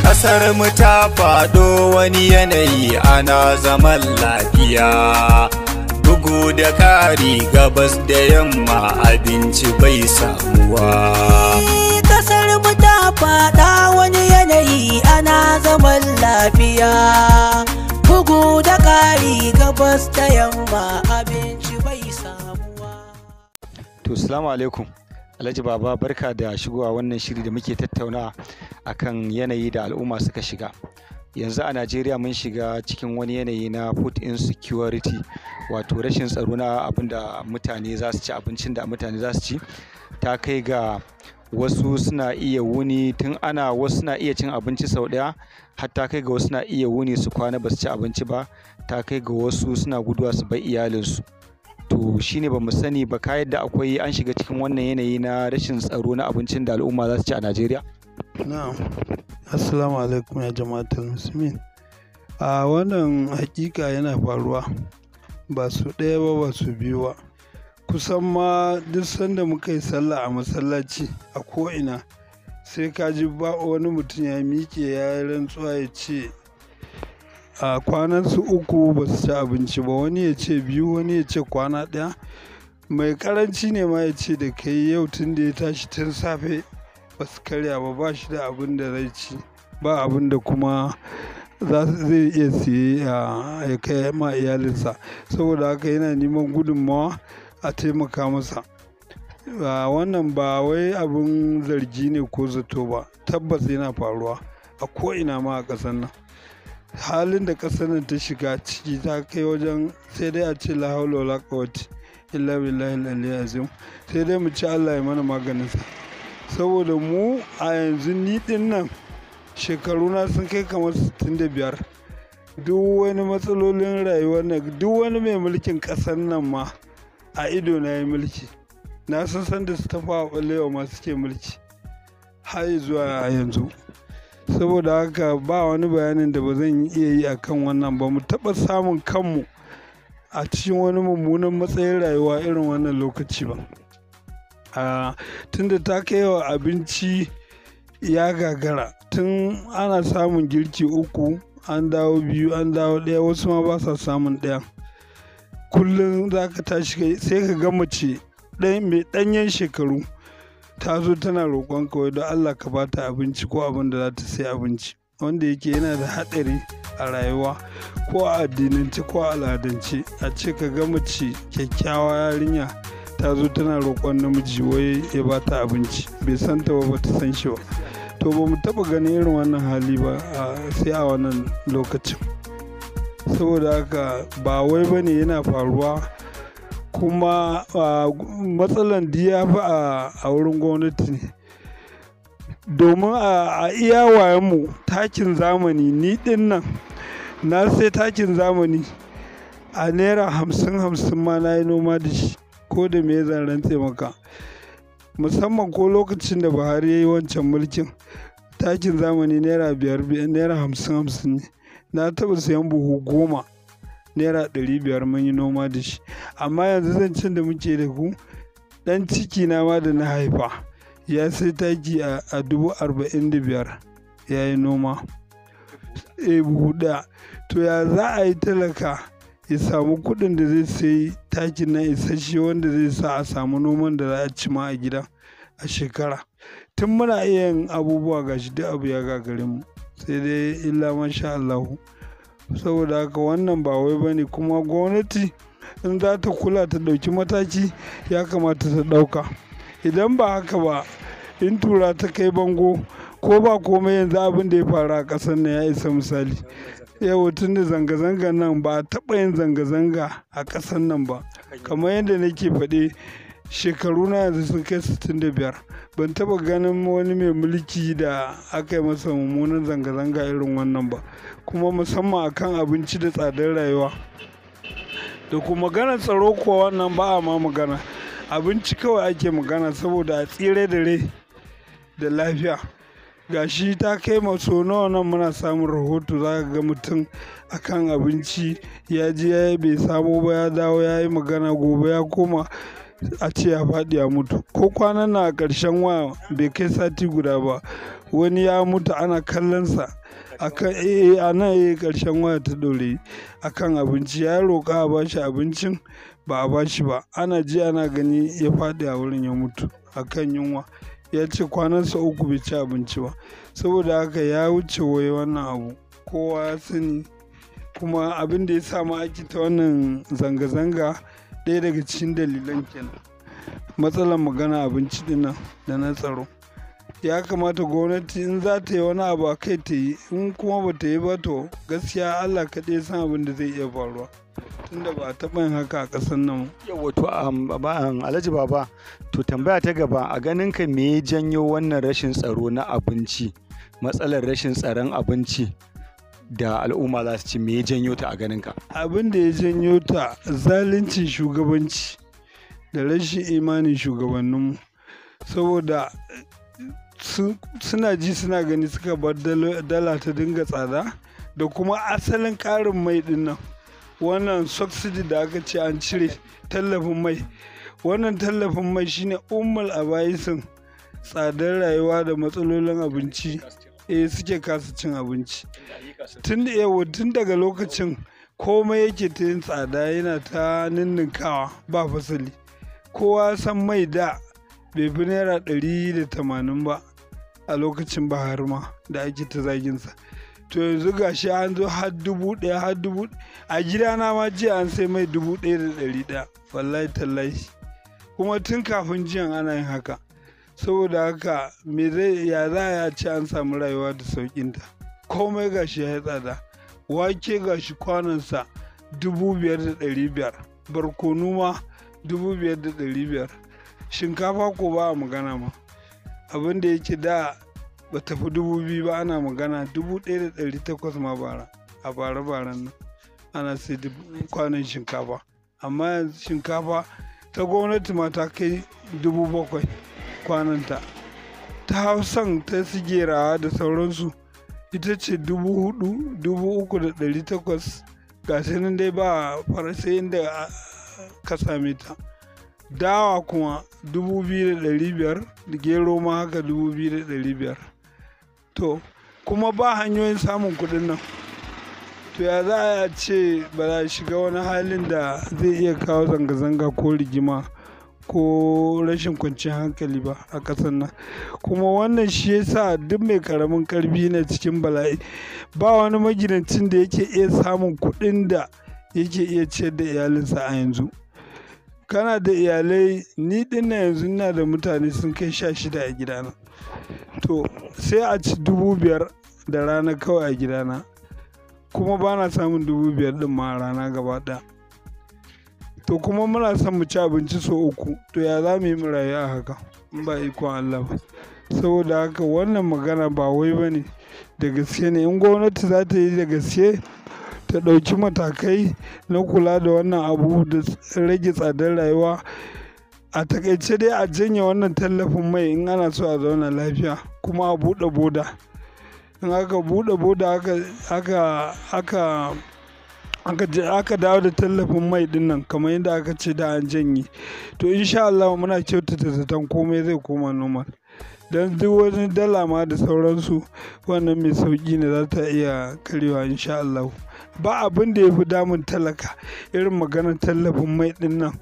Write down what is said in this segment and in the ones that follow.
Ƙasar mu ta faɗo wani yanayi ana zaman lafiya Bugu da ƙari gabas da yamma abinci bai samuwa Kasar mu ta faɗa wani yanayi ana zaman lafiya Bugu da ƙari gabas da yamma abinci bai samuwa To, Salamu alaikum. Alhaji Baba barka da shigowa wannan shiri da muke tattauna akan yanayi da al'umma suka shiga. Yanzu a Najeriya mun shiga cikin wani yanayi na food insecurity wato rashin tsaro na abin da mutane za su ci abincin da mutane za su ci ta kai ga wasu suna iya wuni tun ana wasu suna iya cin abinci sau ɗaya hatta kai ga wasu suna iya wuni su kwana ba su ci abinci ba ta kai ga wasu suna guduwa su bai iyalinsu. to ne ba mu sani ba ka yadda akwai an shiga cikin wannan yanayi na rashin tsaro na abincin da al'umma za su ci a najeriya na'am assalamu alaikum ya jama'atul musulmin a wannan hakika yana faruwa ba su ɗaya ba ba su biyu ba kusan ma duk sanda muka yi sallah a masallaci a ko'ina sai ka ji ba wani mutum ya miƙe ya yi rantsuwa ya ce a kwanan su uku ba su ci abinci ba wani ya ce biyu wani ya ce kwana ɗaya mai karanci ne ma ya ce da kai yau tun da ya tashi tun safe ba su karya ba ba shi da abin da zai ci ba abin da kuma zai iya siye ya kai ma iyalinsa saboda haka yana neman gudunmawa a taimaka masa wannan ba wai abin zargi ne ko zato ba tabbas yana faruwa a ko'ina ma a ƙasar nan halin da ƙasar nan ta shiga ciki ta kai wajen sai dai a ce la haula wala quwwata illa billahi sai dai mu ci Allah ya mana maganin sa saboda mu a yanzu ni din nan shekaru na sun kai kamar 65 duk wani matsalolin rayuwar nan duk wani mai mulkin ƙasar nan ma a ido na yi mulki na san san da su tafa a masu ke mulki har zuwa yanzu saboda haka ba wani bayanin da ba zan iya yi a kan wannan ba mu taɓa samun kanmu a cikin wani mummunan matsayin rayuwa irin wannan lokaci ba tunda ta kai wa abinci ya gagara tun ana samun girki uku an dawo biyu an dawo ɗaya wasu ma ba sa samun ɗaya kullum za ka tashi sai ka ga mace mai ɗanyen shekaru ta zo tana roƙon kawai don Allah ka bata abinci ko abin da za ta sai abinci wanda yake yana da haɗari a rayuwa ko a addinance ko a al'adance a ce ka ga mace kyakkyawa yarinya ta zo tana roƙon namiji wai ya bata abinci bai san ta ba ta san shi ba to ba mu taɓa ganin irin wannan hali ba a sai a wannan lokacin saboda haka ba wai bane yana faruwa kuma matsalan ya fi a wurin gwamnati ne domin a iyawayenmu takin zamani ni din nan na sai takin zamani a naira hamsin hamsin ma na yi noma da shi ko da me zan rantse maka musamman ko lokacin da buhari ya yi wancan mulkin takin zamani naira biyar naira hamsin hamsin ne na taɓa sayan buhu goma naira ɗari biyar mun yi noma da shi amma yanzu zancen da muke da ku ɗan ciki na ma da na haifa ya sai taki a dubu arba'in da biyar ya yi noma e buhu ɗaya to ya za a yi talaka ya samu kuɗin da zai sai takin na isasshe wanda zai sa a samu noman da za a ci ma a gida a shekara tun muna iya yin abubuwa gashi duk abu ya gagarin mu sai dai illa masha Allahu saboda haka wannan ba wai ne kuma gwamnati in za ta kula ta ɗauki mataki ya kamata ta ɗauka idan ba haka ba in tura ta kai bango ko ba komai yanzu abin da ya faru a ƙasar nan ya isa misali yau tun da zanga-zanga nan ba taɓa yin zanga-zanga a ƙasar nan ba kamar yadda nake faɗe shekaru na yanzu sun kai sittin da biyar. ban taba ganin wani mai mulki da aka yi masa mummunan zanga-zanga irin wannan ba kuma musamman akan abinci da tsadar rayuwa da kuma magana tsaro kuwa wannan ba a ma magana abinci kawai ake magana saboda a tsire da rai da lafiya gashi ta kai maso nawa nan muna samun rahoto za ga mutum akan abinci ya ji ya bai samo ba ya dawo ya yi magana gobe ya koma a ce ya faɗi ya mutu ko kwanan na a ƙarshen wa bai kai sati guda ba wani ya mutu ana kallonsa kan eh a nan eh, ƙarshen waya ta ɗore kan abinci ya roƙa a bashi abincin ba a bashi ba ana ji ana gani ya faɗi a wurin ya mutu a kan yunwa ya ce kwanansa uku bai ci abinci ba saboda haka ya wuce wai wannan abu kowa ya sani kuma abin da ya sa ma ake ta wannan zanga-zanga ɗaya daga cikin dalilan kenan matsalar magana abinci dinnan da na tsaro ya kamata gwamnati in za ta yi wani abu a kai ta yi in kuma ba ta yi ba to gaskiya allah kaɗai san abin da zai iya faruwa tunda ba a taɓa yin haka a ƙasar nan yawa to alhaji baba to tambaya ta gaba a ganin ka me ya janyo wannan rashin tsaro na abinci matsalar rashin tsaron abinci da al'umma za su ci me ya janyo ta a ganinka abin da ya janyo ta zaluncin shugabanci da rashin imanin shugabanninmu saboda suna ji suna gani suka bar dala ta dinga tsada da kuma asalin ƙarin mai dinnan wannan subsidy da aka ce an cire tallafin mai wannan tallafin mai shine ummul abaisin tsadar rayuwa da matsalolin abinci eh suke kasa cin abinci tun tun daga lokacin komai yake ta yin tsada yana ta ninninkawa ba fasali kowa san mai da bai naira ɗari da tamanin ba a lokacin bahar ma da ake ta zaginsa to yanzu ga shi an zo har dubu ɗaya har dubu a gidana ma jiya an sai mai dubu ɗaya da ɗari ɗaya wallahi tallahi kuma tun kafin jiyan ana yin haka saboda haka me zai ya za ya ci an samu rayuwa da sauƙinta komai ga shi ya tsada wake shi kwanansa dubu biyar da ɗari biyar barkonu ma dubu biyar da ɗari biyar shinkafa ko ba a magana ma abin da yake da ba tafi dubu biyu ba ana magana dubu ɗaya da ɗari takwas ma bara a bara baran nan ana sai kwanan shinkafa amma shinkafa ta gwamnati ma ta kai dubu bakwai kwananta ta hausan ta sigerawa da sauransu ita ce dubu hudu dubu uku da dari takwas ga nan dai ba farasai inda ka same ta dawa kuma dubu biyu da dari biyar gero ma haka dubu biyu da dari biyar to kuma ba hanyoyin samun kuɗin nan to ya za a ce ba za shiga wani halin da zai iya kawo zanga-zanga ko rigima ko rashin kwanciyar hankali ba a ƙasar nan kuma wannan shi ya sa duk mai karamin karfi na cikin bala'i ba wani magidancin da yake iya samun kuɗin da yake iya ciyar da iyalinsa a yanzu kana da iyalai ni na yanzu ina da mutane sun kai sha shida a gidana to sai a ci dubu biyar da rana kawai a gidana kuma ba na samun dubu biyar din ma rana gaba ɗaya to kuma muna son mu ci abinci sau uku to ya za mu yi mu rayu a haka in ba ikon Allah ba saboda haka wannan magana ba wai ba da gaske ne in gwamnati za ta yi da gaske ta ɗauki matakai na kula da wannan abu da rage tsadar rayuwa a takaice dai a janye wannan tallafin mai in ana so a zauna lafiya kuma a buɗe boda in aka buɗe boda aka aka dawo da tallafin mai ɗinnan kamar yadda aka ce da an janye to insha Allah muna kyautata zaton komai zai koma noma don duk wani dala ma da sauransu wannan mai sauki ne za ta iya karewa insha Allah ba abin da ya fi damun talaka irin maganar tallafin mai ɗinnan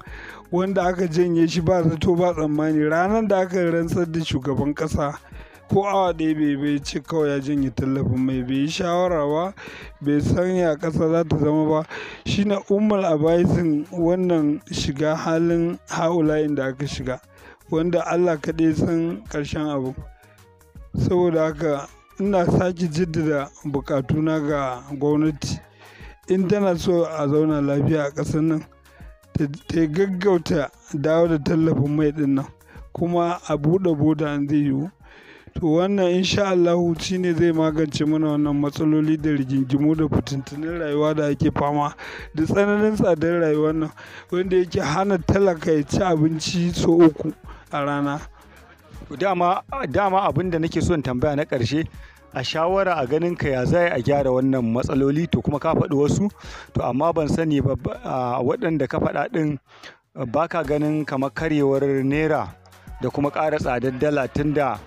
wanda aka janye shi ba zato ba tsammani ranar da aka rantsar da shugaban ƙasa ko awa ɗaya bai bai ci kawai ya janye tallafin mai bai yi shawara ba bai san ya ƙasa za ta zama ba shine a abaisin wannan shiga halin haula da aka shiga wanda allah kaɗai san ƙarshen abu saboda haka ina sake jaddada bukatuna ga gwamnati in tana so a zauna lafiya a ƙasar nan ta gaggauta dawo da tallafin mai ɗin nan kuma a buɗe boda zai yiwu To wannan in sha ne zai magance mana wannan matsaloli da rigingimu da fitintunin rayuwa da ake fama da tsananin tsadar rayuwar nan wanda yake hana talaka ya ci abinci sau uku a rana. Dama, dama abin da nake son tambaya na karshe a shawara a ganin ka ya za a gyara wannan matsaloli to kuma ka faɗi wasu to amma ban sani ba waɗanda ka faɗa ɗin ba ka ganin kamar karyewar naira da kuma ƙara tsadar dala tunda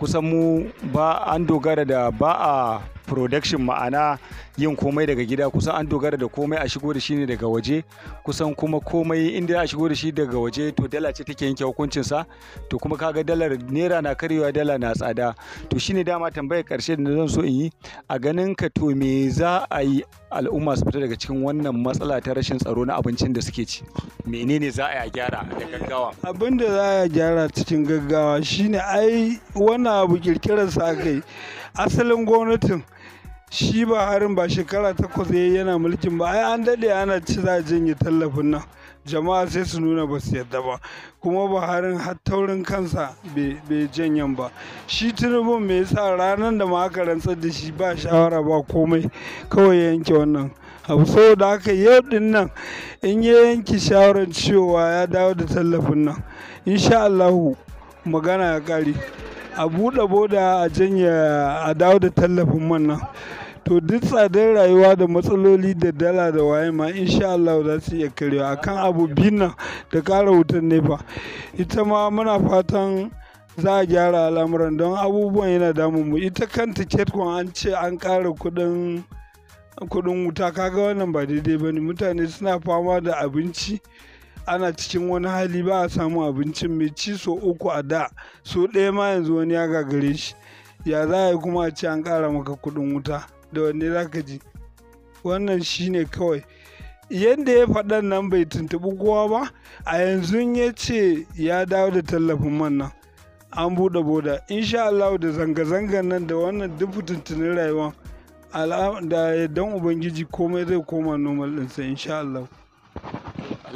kusan mu ba an dogara da ba a production ma'ana yin komai daga gida kusan an dogara da komai a shigo da shi ne daga waje kusan kuma komai inda a shigo da shi daga waje to dala ce take yanke hukuncin sa to kuma kaga dalar naira na karewa dala na tsada to shine dama tambayar karshe da zan so in yi a ganin ka to me za a yi al'umma su fita daga cikin wannan matsala ta rashin tsaro na abincin da suke ci menene za a yi a gyara da gaggawa abin da za a gyara cikin gaggawa shine ai wannan abu kirkirar sa kai asalin gwamnatin shi ba harin ba shekara takwas ya yana mulkin ba ai an daɗe ana ci za a janye tallafin nan jama'a sai su nuna ba su yadda ba kuma ba harin taurin kansa bai janyen ba shi tinubun me yasa ranar da ma aka rantsar da shi ba shawara ba komai kawai ya yanke wannan abu saboda haka yau din nan in ya yanke shawarar cewa ya dawo da tallafin nan insha allahu magana ya ƙare a buɗe boda a janya a dawo da tallafin manna to duk tsadar rayuwa da matsaloli da dala da waye ma insha Allah za su iya karewa akan abu nan da ƙara wutan nefa ita ma muna fatan za a gyara al'amuran don abubuwan yana damun mu ita kanta ketkon an ce an ƙara kudin kudin wuta kaga wannan ba daidai ba ne mutane suna fama da abinci ana cikin wani hali ba a samu abincin mai ci so uku a da so ɗaya ma yanzu wani ya gagare shi ya za a yi kuma a ce an ƙara maka kuɗin wuta da wanne za ka ji wannan shi ne kawai yadda ya faɗan nan bai tuntuɓi kowa ba a yanzu ya ce ya dawo da tallafin man nan an buɗe boda insha Allah da zanga-zangan nan da wannan duk fitintunin rayuwa da yardan ubangiji komai zai koma normal ɗinsa insha Allah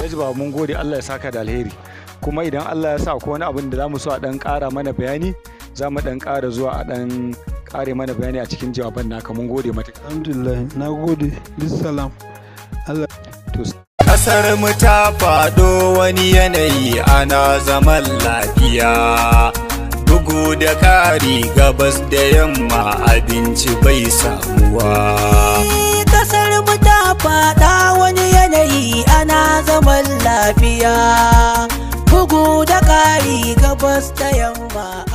Alhaji Baba mun gode Allah ya saka da alheri. Kuma idan Allah ya sa ko wani abin da zamu mu so a dan kara mana bayani za mu dan kara zuwa a dan kare mana bayani a cikin jawaban naka mun gode mata. Alhamdulillah na gode. bisalam Allah. Kasar mu ta faɗo wani yanayi ana zaman lafiya. bugu da kari gabas da yamma abinci bai samuwa. Kasar eh, mu ta faɗa wani yanayi ana zaman lafiya bugu da ƙari gabas da yamma